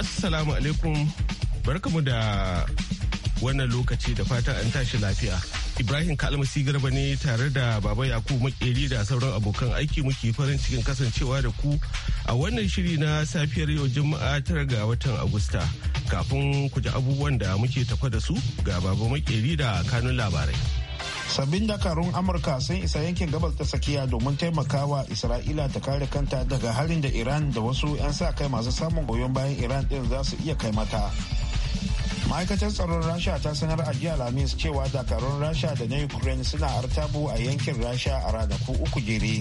Assalamu alaikum barkamu da wannan lokaci da fatan an tashi lafiya. Ibrahim Kalmasi Garba ne tare da Baba Yakubu Makeri da sauran abokan aiki muke farin cikin kasancewa da ku a wannan shiri na safiyar yau Juma'a tara ga watan Agusta. Kafin ku ji abubuwan da muke tafa da su ga Baba Makeri da kanun labarai. sabbin dakarun amurka sun isa yankin gabas ta tsakiya domin taimakawa isra'ila ta kare kanta daga harin da iran da wasu 'yan sa kai masu samun goyon bayan iran din za su iya kai mata ma'aikatar tsaron rasha ta sanar a jiya lamis cewa dakarun rasha da na ukraine suna artabu a yankin rasha a ranaku uku jere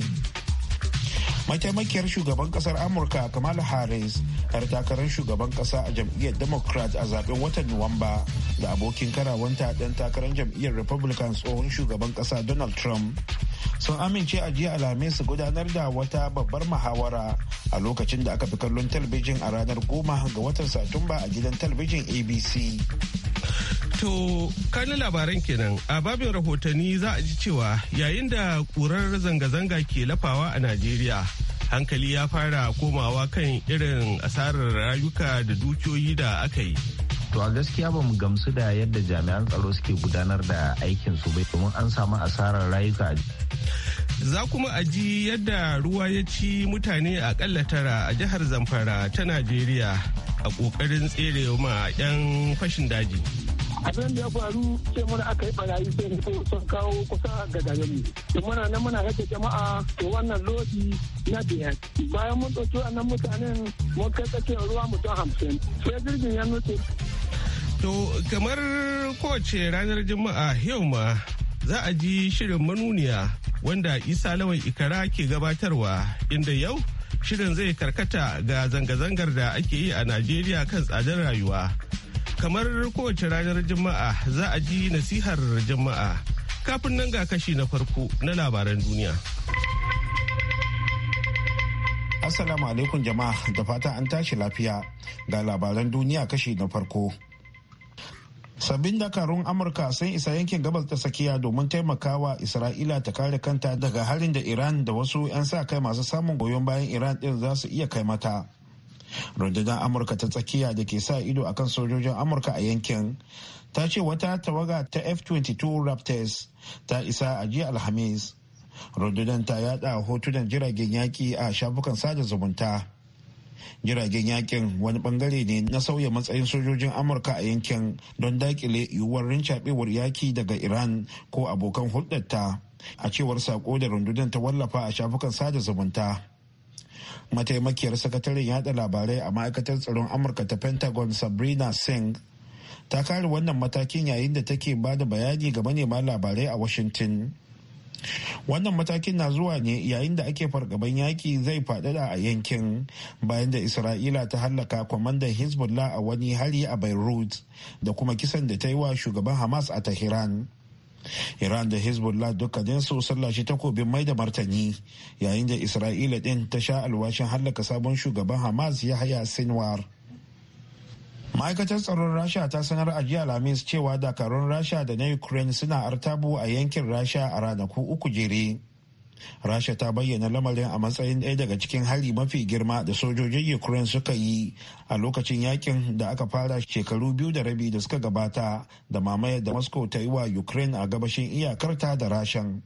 mataimakiyar shugaban kasar amurka kamala harris har takarar shugaban kasa a jam'iyyar democrat a zaben watan nuwamba da abokin karawanta ɗan takarar jam'iyyar republican tsohon shugaban kasa donald trump sun amince a jiya alhamis su gudanar da wata babbar muhawara a lokacin da aka fi kallon talabijin a ranar goma ga watan satumba a gidan talabijin abc To, kanin labaran kenan a babin rahotanni za a ji cewa yayin da ƙurar zanga-zanga ke lafawa a Najeriya, hankali ya fara komawa kan irin asarar rayuka da dukiyoyi da aka yi. To a gaskiya ba mu gamsu da yadda jami'an tsaro suke gudanar da aikinsu bai domin an samu asarar rayuka. Za kuma a ji yadda ruwa ya ci mutane akalla tara a jihar Zamfara ta Najeriya a ƙoƙarin tsere ma 'yan fashin daji. abin da ya faru sai muna aka yi barayi sai ne ko sun kawo kusa ga garinmu da muna nan muna rage jama'a to wannan lodi na biyar bayan mun ɗauki wannan mutanen mun kai tsakiyar ruwa mutum hamsin sai jirgin ya nutse. to kamar kowace ranar juma'a yau ma za a ji shirin manuniya wanda isa lawan ikara ke gabatarwa inda yau shirin zai karkata ga zanga-zangar da ake yi a najeriya kan tsadar rayuwa kamar kowace ranar Juma'a za a ji nasihar Juma'a. Kafin nan ga kashi na farko na labaran duniya. Assalamu alaikum jama'a da fata an tashi lafiya ga labaran duniya kashi na farko. Sabbin dakarun Amurka sun isa yankin gabas ta tsakiya domin taimakawa Isra'ila ta kare kanta daga harin da Iran da wasu 'yan sa kai masu samun goyon bayan Iran din za su iya kai mata. rundunar amurka ta tsakiya da ke sa ido akan sojojin amurka a yankin ta ce wata tawaga ta f-22 raptors ta isa a jiya alhamis rundunar ta yada hotunan jiragen yaki a shafukan sada zumunta jiragen yakin wani bangare ne na sauya matsayin sojojin amurka a yankin don dakile yiwuwar rincabewar yaki daga iran ko abokan hulɗarta a cewar sako da rundunar ta wallafa a shafukan sada zumunta mataimakiyar sakataren yada labarai a ma'aikatar tsaron amurka ta pentagon sabrina singh ta kare wannan matakin yayin da take ba da bayani ga manema labarai a washington wannan matakin na zuwa ne yayin da ake fargaban yaƙi zai faɗaɗa a yankin bayan da isra'ila ta hallaka kwamandan hezbollah a wani hari a beirut da kuma kisan da ta yi wa shugaban hamas a tehran iran da hezbollah su sun lashe takobin mai da martani yayin da isra'ila din ta sha alwashin hallaka sabon shugaban hamas ya haya sinwar ma'aikatar tsaron rasha ta sanar a jiya Lamis cewa dakarun rasha da na ukraine suna artabu a yankin rasha a ranaku uku jere rasha ta bayyana lamarin a matsayin ɗaya daga cikin hari mafi girma da sojojin ukraine suka yi a lokacin yakin da aka fara shekaru biyu da rabi da suka gabata da mamayar da moscow ta yi wa ukraine a gabashin iyakarta da rashan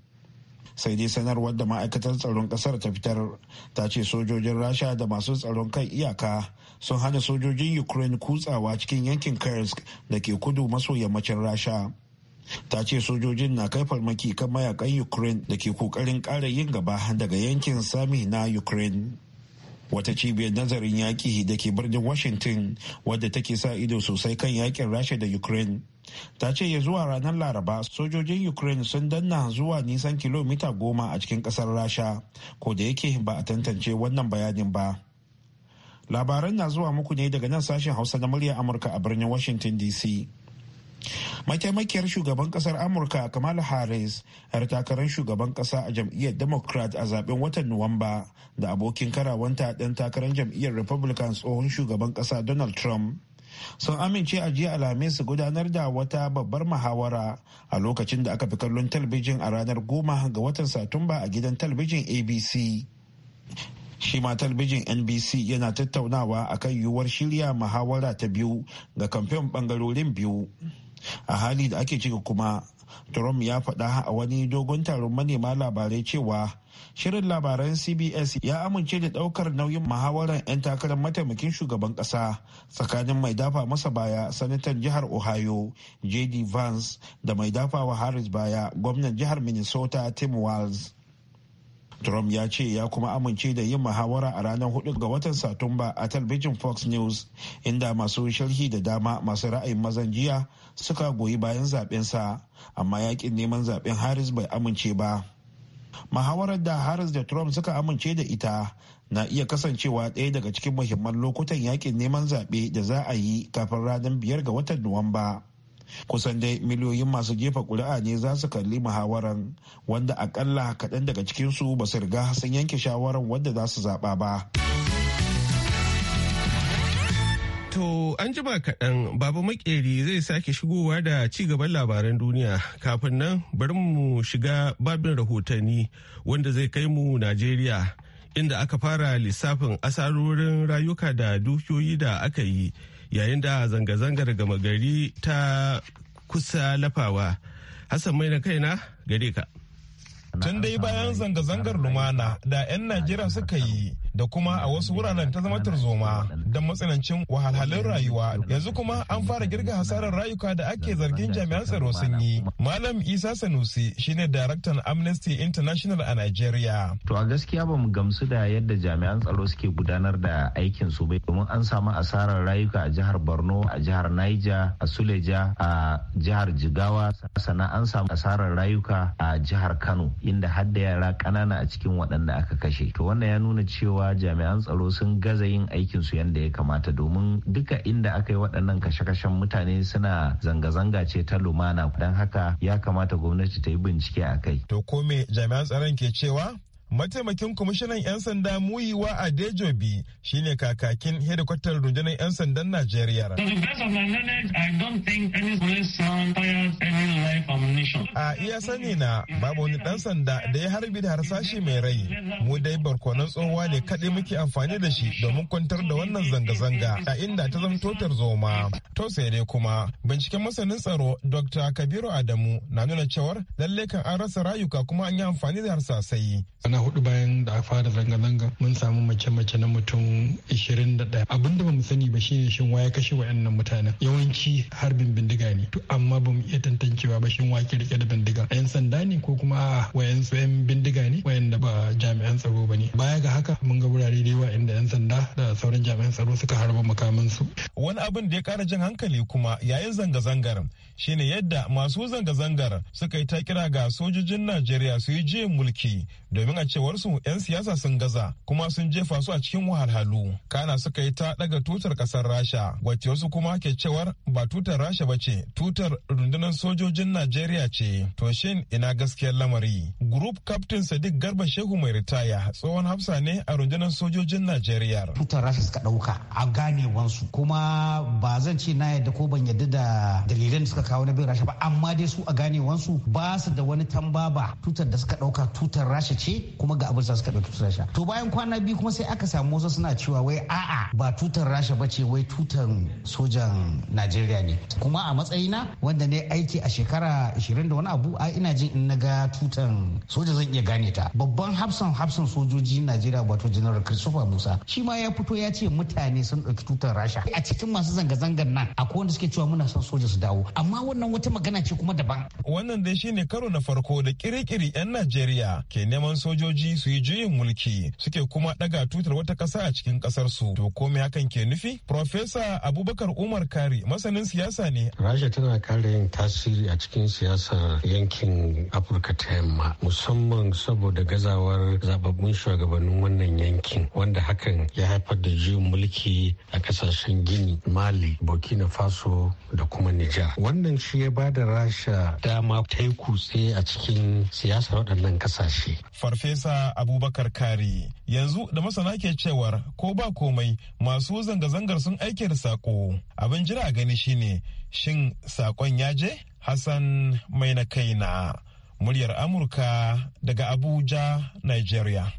sai dai sanarwar da ma'aikatar tsaron kasar ta fitar ta ce sojojin rasha da masu tsaron kan iyaka sun hana sojojin ukraine kutsawa cikin yankin kursk da ke kudu maso yammacin rasha ta ce sojojin na kai farmaki kan mayakan ukraine da ke kokarin ƙara yin gaba daga yankin sami na ukraine wata cibiyar nazarin yaƙi da ke birnin washington wadda take sa ido sosai kan yakin rasha da ukraine ta ce ya zuwa ranar laraba sojojin ukraine sun danna zuwa nisan kilomita goma a cikin ƙasar rasha ko da yake ba a tantance wannan bayanin ba labaran na zuwa muku ne daga nan sashen hausa na murya amurka a birnin washington dc mataimakiyar shugaban kasar amurka kamala harris yar takarar shugaban kasa a jam'iyyar democrat a zaben watan nuwamba da abokin karawanta ɗan takarar jam'iyyar republican tsohon shugaban kasa donald trump sun amince a jiya alhamis su gudanar da wata babbar muhawara a lokacin da aka fi kallon talabijin a ranar goma ga watan satumba a gidan talabijin abc shi ma talbijin nbc yana tattaunawa akan yiwuwar shirya muhawara ta biyu ga kamfen bangarorin biyu a hali da ake cika kuma trump ya faɗa a wani dogon taron manema labarai cewa shirin labaran cbs ya amince da ɗaukar nauyin muhawarar 'yan takarar mataimakin shugaban ƙasa tsakanin mai dafa masa baya sanatan jihar ohio jd vance da mai dafa wa harris baya gwamnan jihar minnesota tim walz Trump ya ce ya kuma amince da yin muhawara a ranar 4 ga watan Satumba a talbijin Fox News inda masu sharhi da dama masu ra'ayin mazan jiya suka goyi bayan zaɓensa amma yakin neman zaɓen Harris bai amince ba. mahawarar da Harris da Trump suka amince da ita na iya kasancewa ɗaya daga cikin muhimman lokutan yakin neman zaɓe da za a yi kafin ranar biyar ga watan Nuwamba. kusan dai miliyoyin masu jefa kuri'a ne za su kalli muhawaran wanda akalla kaɗan daga cikinsu ba su riga sun yanke shawarar wanda za su zaɓa ba. To an jima kaɗan babu Makeri zai sake shigowa da ci gaban labaran duniya kafin nan bari mu shiga babin rahotanni wanda zai kai mu Najeriya inda aka fara lissafin asarorin rayuka da dukiyoyi da aka yi. yayin da zanga-zangar gama gari ta kusa lafawa hassan mai na kaina gare ka tun dai bayan zanga-zangar lumana da 'yan najeriya suka yi da kuma a wasu wuraren ta zama tarzoma don matsanancin wahalhalun rayuwa yanzu kuma an fara girga hasarar rayuka da ake zargin jami'an tsaro sun yi malam isa sanusi shine daraktan amnesty international a nigeria to a gaskiya ba mu gamsu da yadda jami'an tsaro suke gudanar da aikin su bai domin an samu asarar rayuka a jihar borno a jihar niger a suleja a jihar jigawa sannan an samu asarar rayuka a jihar kano inda har da yara ƙanana a cikin waɗanda aka kashe to wannan ya nuna cewa cewa jami'an tsaro sun gaza yin aikinsu yadda ya kamata domin duka inda aka yi waɗannan kashe-kashen mutane suna zanga-zanga ce ta lumana don haka ya kamata gwamnati ta yi bincike a kai. To ko me jami'an tsaron ke cewa? mataimakin kwamishinan 'yan sanda muyiwa a dejobi shine kakakin hedikwatar rundunar 'yan sandan najeriya a iya sani na babu wani dan sanda da ya harbi da harsashi mai rai mu dai barkonan tsohuwa ne kaɗai muke amfani da shi domin kwantar da wannan zanga-zanga a inda ta zamto tarzoma to sai dai kuma binciken masanin tsaro dr kabiru adamu na nuna cewar lalle kan an rasa rayuka kuma an yi amfani da harsasai hudu bayan da a fara zanga-zanga mun samu mace-mace na mutum 21 abinda ba mu sani ba shine shin waya kashe wayannan mutanen yawanci harbin bindiga ne to amma ba mu iya tantancewa ba shin wa rike da bindiga yan sanda ne ko kuma wayan su yan bindiga mun ga wurare da yawa inda 'yan sanda da sauran jami'an tsaro suka harba su. Wani abin da ya kara jin hankali kuma yayin zanga-zangar shine yadda masu zanga-zangar suka yi ta kira ga sojojin Najeriya su yi jiyan mulki domin a cewar su 'yan siyasa sun gaza kuma sun jefa su a cikin wahalhalu. Kana suka yi ta daga tutar kasar Rasha wacce wasu kuma ke cewar ba tutar Rasha ba ce tutar rundunar sojojin Najeriya ce. To shin ina gaskiyar lamari? Group Captain Sadiq Garba Shehu mai ritaya tsohon hafsa ne a a rundunar sojojin Najeriya. Tutar Rasha suka ɗauka a ganewansu kuma ba zan ce na yadda ko ban yadda da dalilan da suka kawo na bin Rasha ba amma dai su a ganewansu ba su da wani tamba ba tutar da suka ɗauka tutar Rasha ce kuma ga abin suka ɗauki tutar Rasha. To bayan kwana biyu kuma sai aka samu wasu suna cewa wai a'a ba tutar Rasha ba ce wai tutan sojan Najeriya ne. Kuma a matsayina wanda ne aiki a shekara 20 da wani abu a ina jin in na ga tutan soja zan iya gane ta. Babban hafsan hafsan sojoji Najeriya ba. wato general christopher musa shi ma ya fito ya ce mutane sun ɗauki tutar rasha a cikin masu zanga-zangar nan akwai wanda suke cewa muna son soja su dawo amma wannan wata magana ce kuma daban wannan dai shine karo na farko da kirikiri yan najeriya ke neman sojoji su yi juyin mulki suke kuma ɗaga tutar wata kasa a cikin ƙasar su to ko me hakan ke nufi profesa abubakar umar kari masanin siyasa ne rasha tana kare yin tasiri a cikin siyasar yankin afirka ta yamma musamman saboda gazawar zababbun shugabannin wannan yankin wanda hakan ya haifar da juyin mulki a kasashen gini mali burkina faso da kuma nijar wannan shi ya ba da rasha dama ta yi kutse a cikin siyasar waɗannan kasashe farfesa abubakar kari yanzu da masana ke cewar ko ba komai masu zanga-zangar sun aike da sako abin jira gani shine shin saƙon ya je hassan mai na kaina muryar Amurka daga Abuja, Nigeria.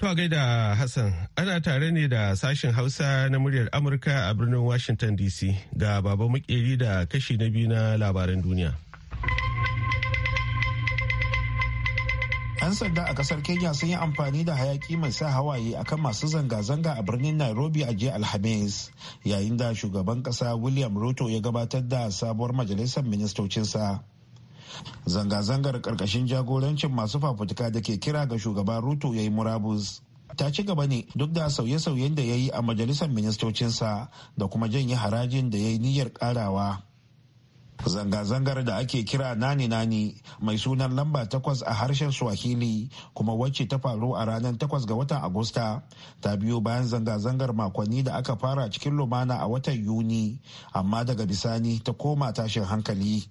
To a gaida Hassan, ana tare ne da sashen Hausa na muryar Amurka a birnin Washington DC ga baba makeri da kashi na biyu na labaran duniya. Yan sanda a kasar Kenya sun yi amfani da hayaki mai sa hawaye akan masu zanga-zanga a birnin Nairobi a jiya Alhamis, yayin da shugaban kasa William Ruto ya gabatar da sabuwar majalisar ministocinsa. zanga-zangar karkashin jagorancin masu fafutuka da ke kira ga shugaban ruto ya yi murabus ta ci gaba ne duk da sauye-sauyen da ya yi a majalisar ministocinsa da kuma janye harajin da ya yi niyyar karawa zanga-zangar da ake kira nani-nani mai sunan lamba takwas a harshen swahili kuma wacce ta faru a ranar takwas ga watan agusta ta biyo bayan zanga-zangar makonni da aka fara cikin lumana a watan yuni amma daga bisani ta koma tashin hankali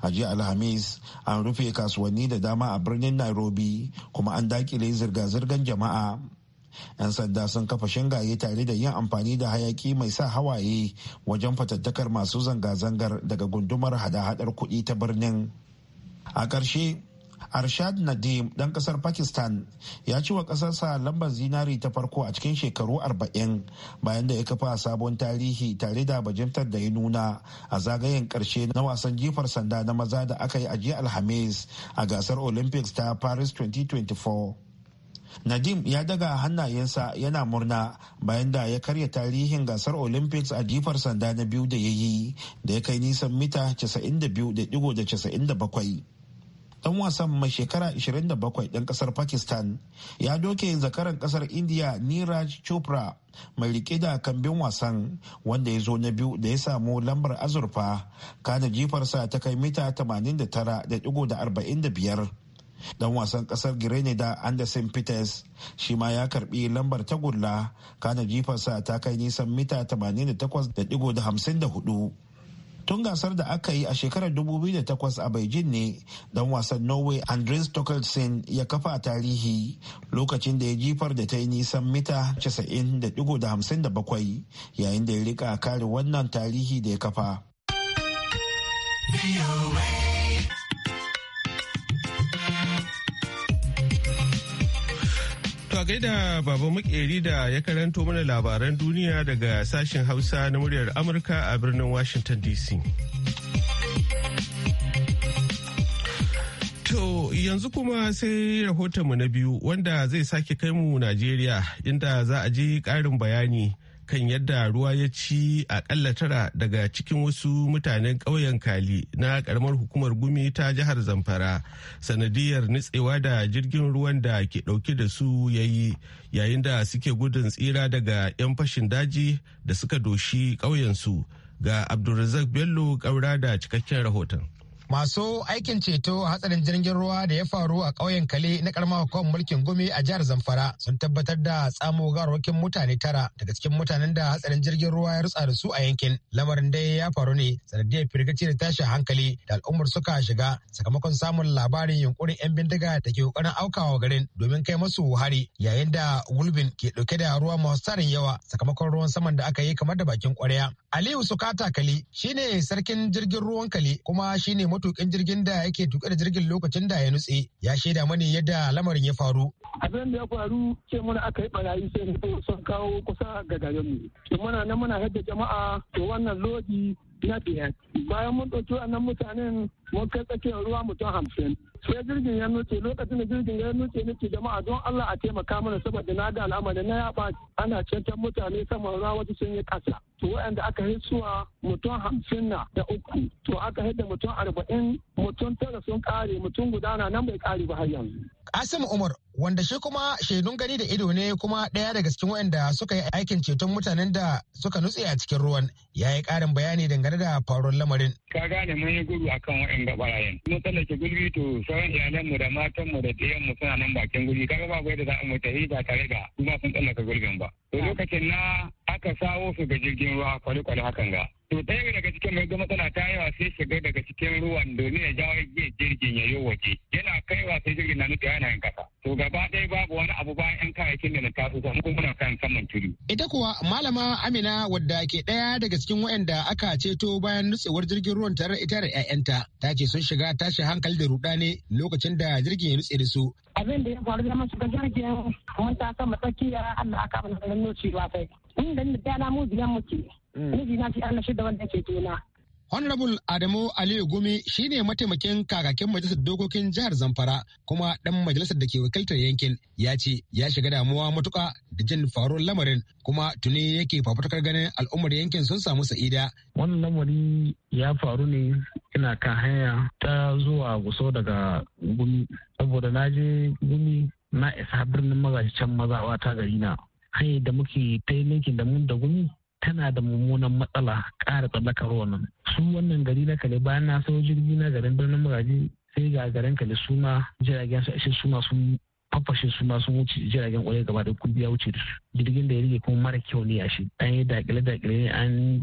a jiya alhamis an rufe kasuwanni da dama a birnin nairobi kuma an dakile zirga-zirgar jama'a 'yan sanda sun kafa shingaye tare da yin amfani da hayaki mai sa hawaye wajen fatattakar masu zanga-zangar daga gundumar hada-hadar kuɗi ta birnin a ƙarshe arshad nadim dan kasar pakistan ya ci wa kasarsa lambar zinari ta farko a cikin shekaru 40 bayan da ya kafa sabon tarihi tare da bajintar da ya nuna a zagayen karshe na wasan jifar sanda na maza da aka yi a jiya alhamis a gasar olympics ta paris 2024 Nadim ya daga hannayensa yana murna bayan da ya karya tarihin gasar Olympics a jifar sanda na biyu da ya yi da ya kai nisan mita 92.97. dan wasan mai shekara 27 ɗan ƙasar pakistan ya doke zakaran ƙasar india niraj chopra mai rike da kambin wasan wanda ya zo na biyu da ya samu lambar azurfa kada jifarsa ta kai mita 89.45 dan wasan ƙasar grenada anderson peters shi ma ya karbi lambar tagulla kana jifarsa ta kai nisan mita 88.54 tun gasar da aka yi a shekarar 2008 a beijing ne don wasan norway andres torkelsen ya kafa a tarihi lokacin da ya jifar da ta yi nisan mita 90.57 yayin da ya rika kare wannan tarihi da ya kafa. To gaida Baba Makeri da ya karanto mana labaran duniya daga sashen Hausa na muryar Amurka a birnin Washington DC. To yanzu kuma sai rahotonmu na biyu wanda zai sake kai mu Najeriya inda za a je ƙarin bayani kan yadda ruwa ya ci akalla tara daga cikin wasu mutanen ƙauyen kali na ƙaramar hukumar gumi ta jihar zamfara sanadiyar nitsewa da jirgin ruwan da ke ɗauke da su yayi yayin da suke gudun tsira daga 'yan fashin daji da suka doshi ƙauyensu ga abdulrazak bello ƙaura da cikakken rahoton masu aikin ceto hatsarin jirgin ruwa da ya faru a ƙauyen kale na karamar hukumar mulkin gumi a jihar zamfara sun tabbatar da tsamo garwakin mutane tara daga cikin mutanen da hatsarin jirgin ruwa ya rutsa da su a yankin lamarin dai ya faru ne sanadiyar firgici da tashin hankali da al'ummar suka shiga sakamakon samun labarin yunkurin yan bindiga da ke kokarin aukawa garin domin kai masu hari yayin da gulbin ke dauke da ruwa masu tarin yawa sakamakon ruwan saman da aka yi kamar da bakin kwarya aliyu sukata kali shine sarkin jirgin ruwan kali kuma shine matukin jirgin da yake tuƙe da jirgin lokacin da ya nutse ya shaida mani yadda lamarin ya faru. Abin da ya faru ce muna aka yi barayi sai sun kawo kusa ga garinmu. Muna nan muna yadda jama'a to wannan lodi na biyar bayan mun ɗauki wannan mutanen mun kai tsakiyar ruwa mutum hamsin sai jirgin ya nuce lokacin da jirgin ya nuce ke jama'a don Allah a taimaka mana saboda na ga al'amari na yaba ana cancan mutane saman ruwa wasu sun yi ƙasa to waɗanda aka hitsuwa mutum hamsin na da uku to aka hidda mutum arba'in mutum tara sun ƙare mutum guda na nan bai ƙare ba har yanzu Asim Umar wanda shi kuma shaidun gani da ido ne kuma ɗaya daga cikin waɗanda suka yi aikin ceton mutanen da suka nutse a cikin ruwan ya yi ƙarin bayani dangane da faruwar lamarin. Ka gane mun yi gudu akan waɗanda ɓarayen. Mun tsallake gudu to sauran iyalanmu da matanmu da ɗiyanmu suna nan bakin Ka kaga ba da za mu tafi ba tare da kuma sun tsallaka gurbin ba. To lokacin na aka sawo su ga jirgin ruwa kwale-kwale hakan ga. To yi daga cikin mai gama tana ta yawa sai shiga daga cikin ruwan domin ya jawo jirgin ya yi waje. Yana wa sai jirgin na nufi yana yin kasa. To gaba ɗaya babu wani abu bayan ‘yan kayayyakin da na taso sa kuma muna kan saman tudu. Ita kuwa malama Amina wadda ke ɗaya daga cikin waɗanda aka ceto bayan nutsewar jirgin ruwan tare ita da ‘ya'yanta. Ta ce sun shiga tashi hankali da rudani lokacin da jirgin ya nutse da su. Abin da ya faru da masu ga jirgin mun ta kama tsakiya Allah aka mana ganin sai. ni da ni mu biyan muke miji na Allah wanda ke tona Honorable Adamu Aliyu Gumi shi ne mataimakin kakakin majalisar dokokin jihar Zamfara kuma dan majalisar da ke wakiltar yankin ya ce ya shiga damuwa matuka da jin faruwar lamarin kuma tuni yake fafutukar ganin al'ummar yankin sun samu sa'ida. Wannan lamari ya faru ne ina kan hanya ta zuwa guso daga Gumi saboda na je Gumi na isa birnin maza mazawa ta gari na hanyar da muke ta yi yankin da mun da gumi tana da mummunan matsala ƙara tsallakar nan! su wannan gari na kale bayan na sau jirgi na garin birnin magaji sai ga garin kale su ma jiragen su ashe su sun fafashe su ma sun wuce jiragen ƙwarai gaba da kudi ya wuce jirgin da ya rige kuma mara kyau ne a shi an yi dakile dakile an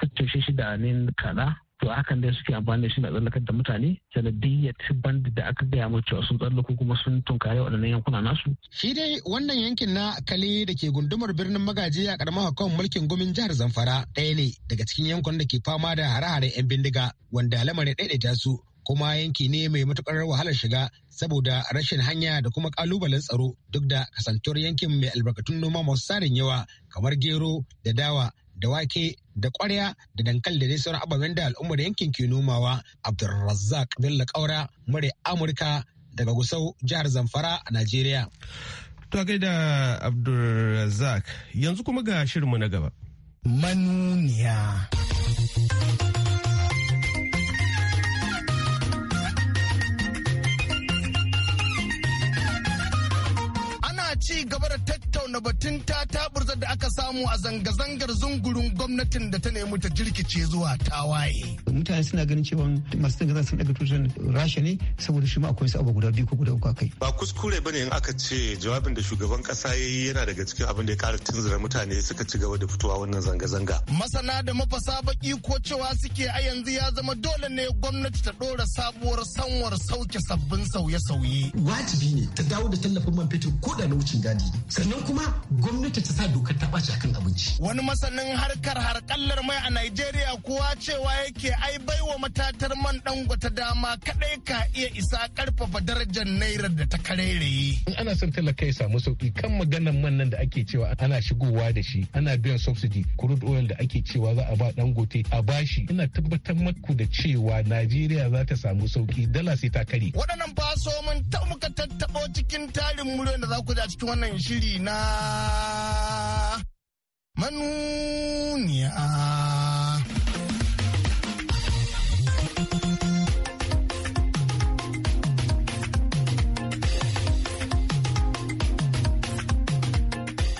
kacce shi da ne kada to hakan dai suke amfani da shi na tsallakar da mutane sanadiyyar bandi da aka gaya mu cewa sun tsallako kuma sun tunkare waɗannan yankuna nasu. shi dai wannan yankin na kale da ke gundumar birnin magaji a karamar hukumar mulkin gumin jihar zamfara ɗaya ne daga cikin yankunan da ke fama da hare-haren 'yan bindiga wanda lamarin ɗaiɗaita su kuma yanki ne mai matukar wahalar shiga saboda rashin hanya da kuma kalubalen tsaro duk da kasantuwar yankin mai albarkatun noma masu tsarin yawa kamar gero da dawa da wake da kwarya da dankali da dai sauran ababen da al'ummar yankin ke nomawa abdulrazzaq bello kaura mure amurka daga gusau jihar zamfara a najeriya to gaida abdulrazzaq yanzu kuma ga shirinmu na gaba manuniya ci gaba da tattauna tattauna batun ta taburza da aka samu a zanga-zangar zungurin gwamnatin da ta nemi ta jirkice zuwa tawaye. Mutane suna ganin cewa masu zanga sun daga tutar rasha ne saboda shi ma akwai su abu guda biyu ko guda uku kai. Ba kuskure bane in aka ce jawabin da shugaban kasa ya yi yana daga cikin abin da ya kara tunzura mutane suka ci gaba da fitowa wannan zanga-zanga. Masana da mafasa baki ko cewa suke a yanzu ya zama dole ne gwamnati ta dora sabuwar sanwar sauke sabbin sauye-sauye. Wajibi ne ta dawo da tallafin man fetur ko da na wucin gadi. Sannan kuma kuma gwamnati ta sa dokar ta ɓaci akan abinci. Wani masanin harkar harkallar mai a Najeriya kuwa cewa yake ai baiwa matatar man dangota dama kaɗai ka iya isa karfafa darajar naira da ta karere. In ana son talaka ya samu sauki kan maganar man nan da ake cewa ana shigowa da shi ana biyan subsidy crude oil da ake cewa za a ba dangote a bashi ina tabbatar maku da cewa Najeriya za ta samu sauki dala sai ta kare. Waɗannan faso mun ta muka tattaɓo cikin tarin muryar da za ku da cikin wannan shiri na manuniya.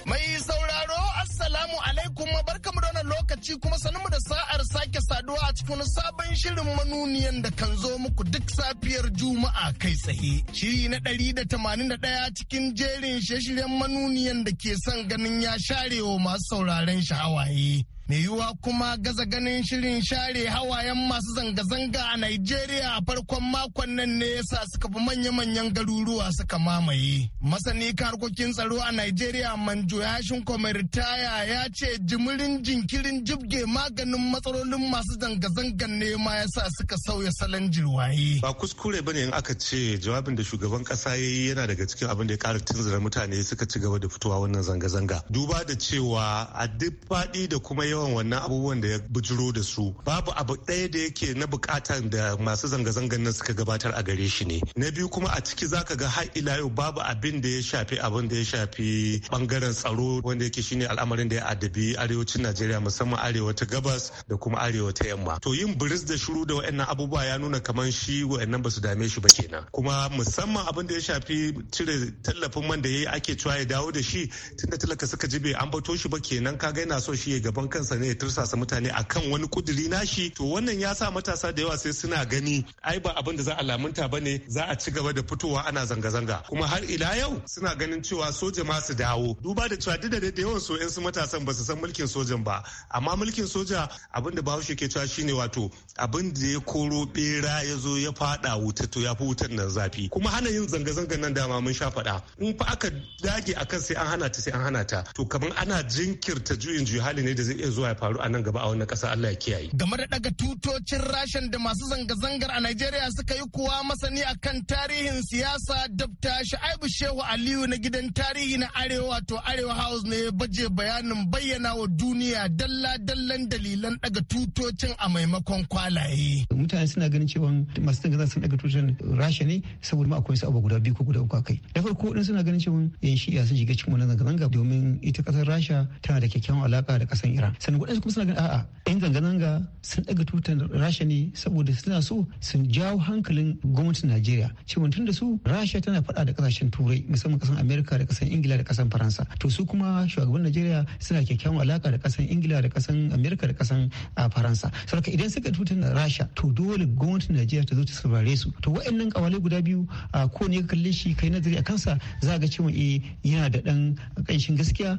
Mai sauraro, Assalamu alaikum, barkamu da wannan lokaci kuma sanin da sa'a sake saduwa a cikin sabon shirin manuniyan da kan zo muku duk safiyar Juma'a kai tsaye. Shiri na ɗari da tamanin da ɗaya cikin jerin shirye-shiryen manuniyan da ke son ganin ya sharewa masu sauraren sha'awaye. mai yiwuwa kuma gaza ganin shirin share hawayen masu zanga-zanga a Najeriya a farkon makon nan ne yasa suka fi manya-manyan garuruwa suka mamaye. Masani harkokin tsaro a Najeriya manjo yashin kwamitaya ya ce jimirin jinkirin jibge maganin matsalolin matsalolin masu zanga-zangar ne ma ya sa suka sauya salon jirwaye. Ba kuskure bane in aka ce jawabin da shugaban kasa ya yi yana daga cikin abin da ya kara tunzura mutane suka ci gaba da fitowa wannan zanga-zanga. Duba da cewa a duk faɗi da kuma yawan wannan abubuwan da ya bujuro da su babu abu ɗaya da yake na bukatan da masu zanga-zangar nan suka gabatar a gare shi ne. Na biyu kuma a ciki zaka ga har ila yau babu abin da ya shafi abin da ya shafi bangaren tsaro wanda yake shine al'amarin da ya adabi arewacin Najeriya musamman arewa ta gabas da kuma arewa ta yamma to yin biris da shiru da waɗannan abubuwa ya nuna kamar shi waɗannan ba su dame shi ba kenan kuma musamman abin da ya shafi cire tallafin man da ya yi ake cewa ya dawo da shi tunda talaka suka ji an bato shi ba kenan ga yana so shi ya gaban kansa ne ya tursasa mutane akan wani kuduri nashi to wannan ya sa matasa da yawa sai suna gani ai ba abin da za a lamunta ba ne za a ci gaba da fitowa ana zanga-zanga kuma har ila yau suna ganin cewa soja ma su dawo duba da cewa duk da yawan so 'yan su matasan ba su san mulkin sojan ba amma mulkin soja abin abinda bahaushe ke cewa shine wato abin da ya koro bera ya zo ya fada wuta to ya fi wutar nan zafi kuma hana yin zanga-zangar nan dama mun sha faɗa in fa aka dage akan sai an hana ta sai an hana ta to kamar ana jinkirta juyin juyi hali ne da zai iya zuwa ya faru a nan gaba a wannan ƙasa Allah ya kiyaye game da daga tutocin rashin da masu zanga-zangar a Najeriya suka yi kuwa masani akan tarihin siyasa Dr. Sha'ibu Shehu Aliyu na gidan tarihi na Arewa wato Arewa House ne baje bayanin bayyana wa duniya dalla-dallan dalilan daga tutocin a maimakon kwalaye. Mutane suna ganin cewa masu zanga sun daga tutocin Rasha ne saboda ma akwai abu guda biyu ko guda uku kai. Da farko din suna ganin cewa yan shi'a sun shiga cikin wannan zanga-zanga domin ita kasar Rasha tana da kyakkyawan alaka da kasar Iran. Sannan waɗansu kuma suna ganin a'a yan zanga-zanga sun daga tutocin Rasha ne saboda suna so sun jawo hankalin gwamnatin Najeriya. Cewa tun da su Rasha tana faɗa da kasashen Turai musamman kasar Amerika da kasar Ingila da kasar Faransa. To su kuma shugaban Najeriya suna kyakkyawan alaka da kasar Ingila da kasar Amerika da kasar a faransa saboda idan suka tutun rasha to dole gwamnatin najeriya ta zo ta saurare su to wa'annan kawale guda biyu a ko ne kalle shi kai nazari a kansa za ga cewa eh yana da dan kanshin gaskiya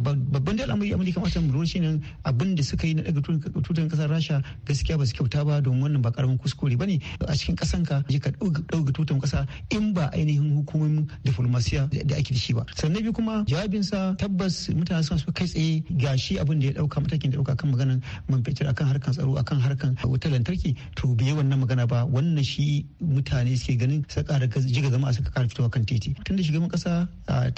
babban da al'amari amurka kamata mu shi nan abin da suka yi na daga tutan kasar rasha gaskiya ba su kyauta ba don wannan ba karamin kuskure bane a cikin kasan ka je ka dauka tutan kasa in ba ainihin hukumomin diplomasiya da ake da shi ba sannan biyu kuma jawabinsa tabbas mutane suna so kai tsaye gashi abin da ya dauka matakin da dauka kan maganar man ma'aikatar akan harkan tsaro akan harkan wutar lantarki to bai wannan magana ba wannan shi mutane suke ganin saka da jiga zama suka kara fitowa kan titi tunda shugaban kasa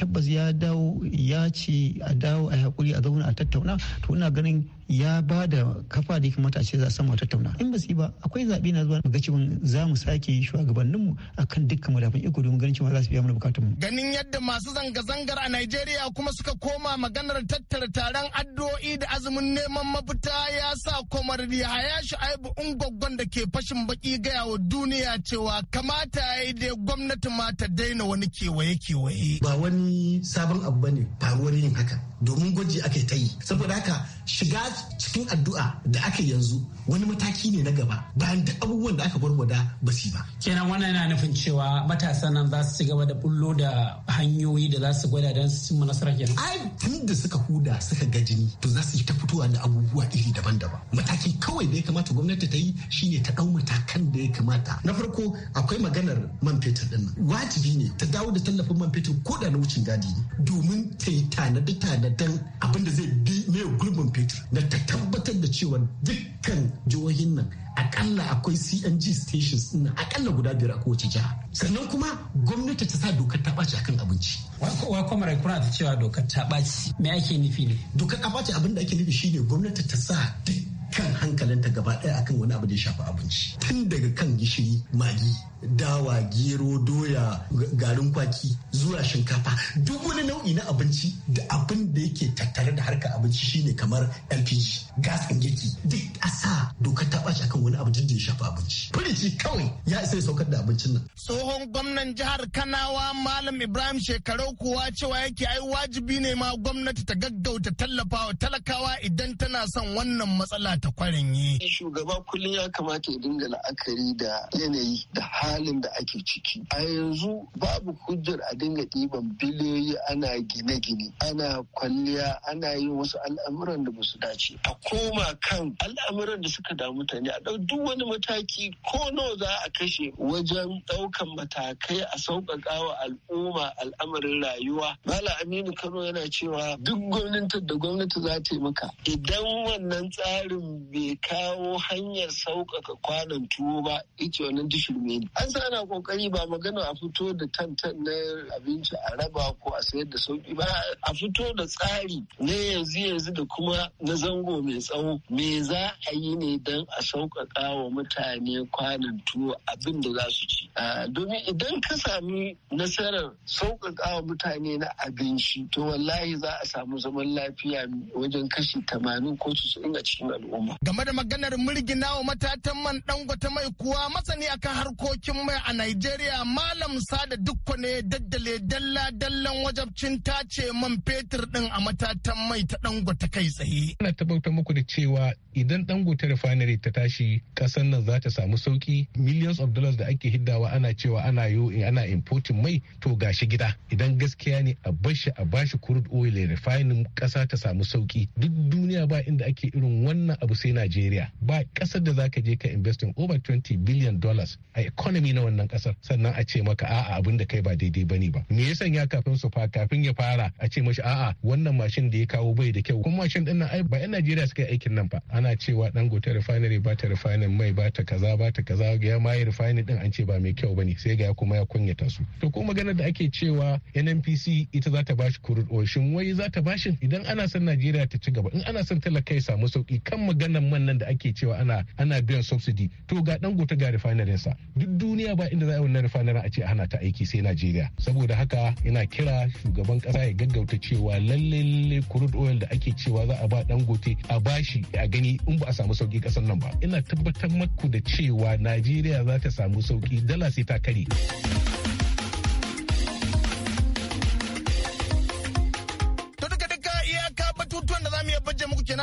tabbas ya dawo ya ce a dawo a hakuri a zauna a tattauna to ina ganin ya ba da kafa da ya a ce za a samu tattauna in ba su yi ba akwai zaɓe na zuwa ga cewa za mu sake shugabanninmu kan dukkan madafin iko domin ganin cewa za su biya mana mu. ganin yadda masu zanga-zangar a nigeria kuma suka koma maganar tattara taron addu'o'i da azumin neman mafita ya sa komar shi Shu'aibu Ungwaggon da ke fashin baki gaya wa duniya cewa kamata ya yi dai gwamnati ma ta daina wani kewaye-kewaye. Ba wani sabon abu bane faruwar yin haka domin gwaji aka ta yi saboda haka shiga cikin addu'a da aka yanzu wani mataki ne na gaba bayan da abubuwan da aka gwargwada ba su ba. Kenan wannan yana nufin cewa matasan nan za su ci gaba da bullo da hanyoyi da za su gwada don su cimma nasara kenan. Ai tun da suka huda suka ga jini to za su yi ta fitowa da abubuwa iri daban-daban. Mataki kawai da ya kamata gwamnati ta yi shine ta ɗau matakan da ya kamata. Na farko akwai maganar man fetur ɗin Wajibi ne ta dawo da tallafin man fetur ko da na wucin gadi ne domin ta yi tanadi-tanadan abin da zai bi mai gurbin fetur na ta tabbatar da cewa dukkan jihohin nan akalla akwai CNG stations na akalla guda biyar a kowace jiha. Sannan kuma gwamnati ta sa dokar ta ɓaci akan abinci. Wa kuma rai kuna ta cewa dokar ta ɓaci me ake nufi ne? Dokar ta ɓaci abin da ake nufi shine gwamnati ta sa duk kan hankalinta gaba ɗaya akan wani abu da ya shafi abinci tun daga kan gishiri magi dawa gero doya garin kwaki zuwa shinkafa duk wani nau'i na abinci da abin da yake tattare da harkar abinci shine kamar lpg gas and girki duk a sa doka ta ɓaci akan wani abinci da ya shafi abinci firiji kawai ya isa ya saukar da abincin nan tsohon gwamnan jihar kanawa malam ibrahim shekarau kowa cewa yake ai wajibi ne ma gwamnati ta gaggauta tallafawa talakawa idan tana son wannan matsala ta kwarin yi. Shugaba kullum ya kamata ya dinga la'akari da yanayi da halin da ake ciki. A yanzu babu hujjar a dinga ɗiban biliyoyi ana gine-gine, ana kwalliya, ana yin wasu al'amuran da basu dace. A koma kan al'amuran da suka damu mutane a ɗau duk wani mataki ko nawa za a kashe wajen ɗaukan matakai a sauƙaƙa wa al'umma al'amarin rayuwa. Bala Aminu Kano yana cewa duk gwamnatin da gwamnati za ta yi maka idan wannan tsarin bai kawo hanyar sauƙaƙa kwanan tuwo ba ita wannan dushirme ne an sa ana kokari ba magana a fito da tantan na abinci a raba ko a sayar da sauƙi ba a fito da tsari na yanzu yanzu da kuma na zango mai tsawo me za a yi ne don a sauƙaƙa wa mutane kwanan tuwo abin da za su ci domin idan ka sami nasarar sauƙaƙa wa mutane na abinci to wallahi za a samu zaman lafiya wajen kashi tamanin ko su inga cikin al'umma al'umma. Game da maganar wa matatan man dangwata mai kuwa masani akan harkokin mai a Najeriya Malam Sada Dukko ne daddale dalla dallan wajabcin tace man fetur din a matatan mai ta dangwata kai tsaye. Ina tabbatar muku da cewa idan dangwata refinery ta tashi kasan nan za ta samu sauki millions of dollars da ake hiddawa ana cewa ana yo ana importing mai to gashi gida idan gaskiya ne a bashi a bashi crude oil refining kasa ta samu sauki duk duniya ba inda ake irin wannan abu sai Najeriya ba kasar da zaka je ka investin over 20 billion dollars a economy na wannan kasar sannan a ce maka a'a abin da kai ba daidai bane ba me yasa ya kafin su fa kafin ya fara a ce mashi a'a wannan mashin da ya kawo bai da kyau kuma mashin din nan ai ba yan Najeriya suka yi aikin nan ba ana cewa Dangote refinery ba ta refinery mai ba ta kaza ba ta kaza ya mai refinery din an ce ba mai kyau bane sai ga ya kuma ya kunyata su to ko magana da ake cewa NNPC ita za ta bashi crude oil shin wai za ta bashin idan ana son Najeriya ta ci gaba in ana son talaka ya samu sauki kan maganan man nan da ake cewa ana ana biyan subsidy to ga dangote ga refinery sa duk duniya ba inda za a wannan refinery a ce ana ta aiki sai Najeriya saboda haka ina kira shugaban kasa ya gaggauta cewa lalle lalle crude oil da ake cewa za a ba gote a bashi a gani in ba a samu sauki kasar nan ba ina tabbatar maku da cewa Najeriya za ta samu sauki dala sai ta kare.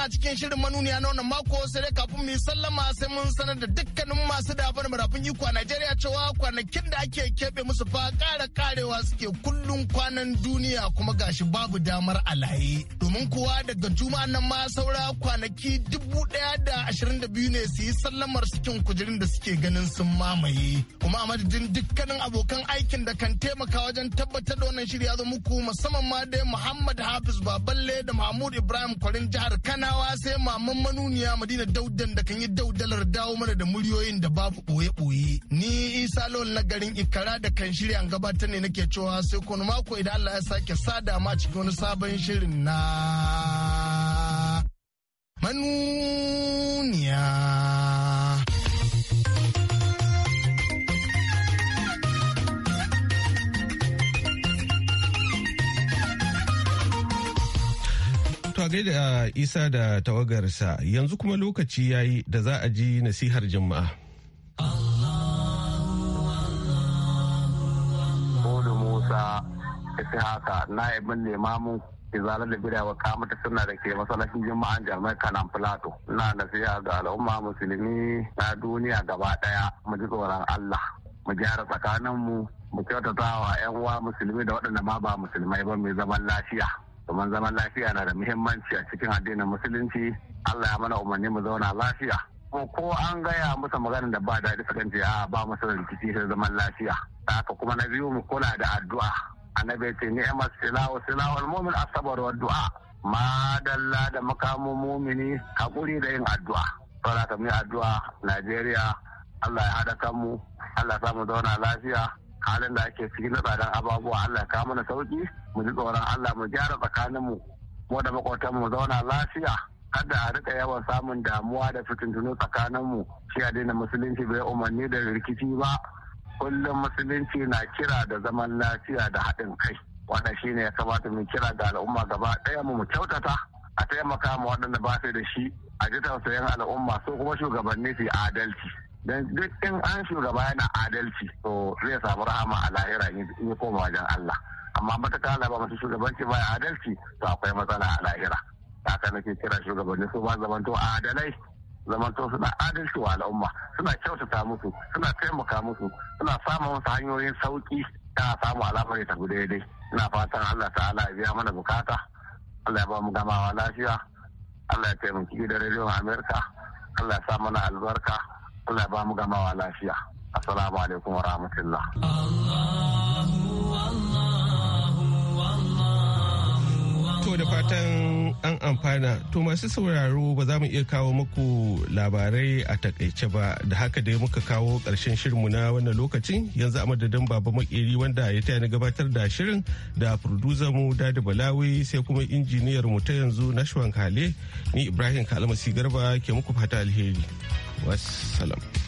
a cikin shirin manuniya na wannan mako sai dai kafin mu yi sallama sai mun sanar da dukkanin masu dafa da marafin iko a Najeriya cewa kwanakin da ake kebe musu fa ƙara karewa suke kullun kwanan duniya kuma gashi babu damar alaye. Domin kuwa daga juma'an nan ma saura kwanaki dubu ɗaya da ashirin da biyu ne su yi sallamar cikin kujerun da suke ganin sun mamaye. Kuma a madadin dukkanin abokan aikin da kan taimaka wajen tabbatar da wannan shirya zo muku musamman ma dai Muhammad Hafiz Baballe da Mahmud Ibrahim Kwarin jihar Kano. Yahudawa sai maman manuniya madina daudan da kan yi daudalar dawo mana da muryoyin da babu ɓoye-ɓoye. Ni Isa Lawal na garin Ikara da kan shirya an gabatar ne nake cewa sai kuma mako idan Allah ya sake sada ma cikin wani sabon shirin na manuniya. To da Isa da tawagarsa yanzu kuma lokaci ya yi da za a ji nasihar Juma'a. Bolu Musa haka na ibin limamin izalar da wa kama ta suna da ke masallacin jama'an jami'ar kanan filato na nasiha ga al'umma musulmi na duniya gaba daya mu ji tsoron allah mu gyara tsakaninmu mu kyautata wa 'yan uwa musulmi da waɗanda ma ba musulmai ba mai zaman lafiya domin zaman lafiya na da muhimmanci a cikin addinin musulunci allah ya mana umarni mu zauna lafiya ko ko an gaya musu maganin da ba daɗi su ce a ba musu rikici sai zaman lafiya haka kuma na biyu mu kula da addu'a annabi ce ni'mat silawu silawu almu'min asabar wa du'a ma dalla da makamu mumini hakuri da yin addu'a saboda mu addu'a Najeriya Allah ya haɗa kanmu Allah ya samu zauna lafiya halin da ake ciki na tsadan ababuwa Allah ka mana sauki mu ji tsoron Allah mu gyara tsakanin mu mu da makwatan mu zauna lafiya da a rika yawan samun damuwa da fitintunu tsakanin mu shi daina musulunci bai umarni da rikici ba kullum musulunci na kira da zaman lafiya da haɗin kai shi ne ya kamata mu kira ga al'umma gaba ɗaya mu mu kyautata a taimaka ma waɗanda ba su da shi a ji tausayin al'umma so kuma shugabanni su yi adalci dan duk in an shugaba yana adalci to zai samu rahama a lahira in ya koma wajen Allah amma mataka Allah ba masu shugabanci ba adalci to akwai matsala a lahira haka nake kira shugabanni su ba zamanto adalai zamanto suna adalci wa al'umma suna kyautata musu suna taimaka musu suna samun wasu hanyoyin sauki ta samu alamar ta guda daidai ina fatan Allah ta'ala ya biya mana bukata Allah ya ba mu gamawa lafiya Allah ya taimaki gidan rediyon Amerika Allah ya sa mana albarka Allah ba mu gamawa lafiya. Assalamu alaikum wa rahmatullah. To da fatan an amfana, to masu sauraro ba za mu iya kawo muku labarai a takaice ba da haka dai muka kawo ƙarshen shirinmu na wannan lokacin yanzu a madadin baba makeri wanda ya taya ni gabatar da shirin da mu dadi balawi sai kuma injiniyar mu ta yanzu nashwan kale ni ibrahim kalmasi garba ke muku fata alheri. والسلام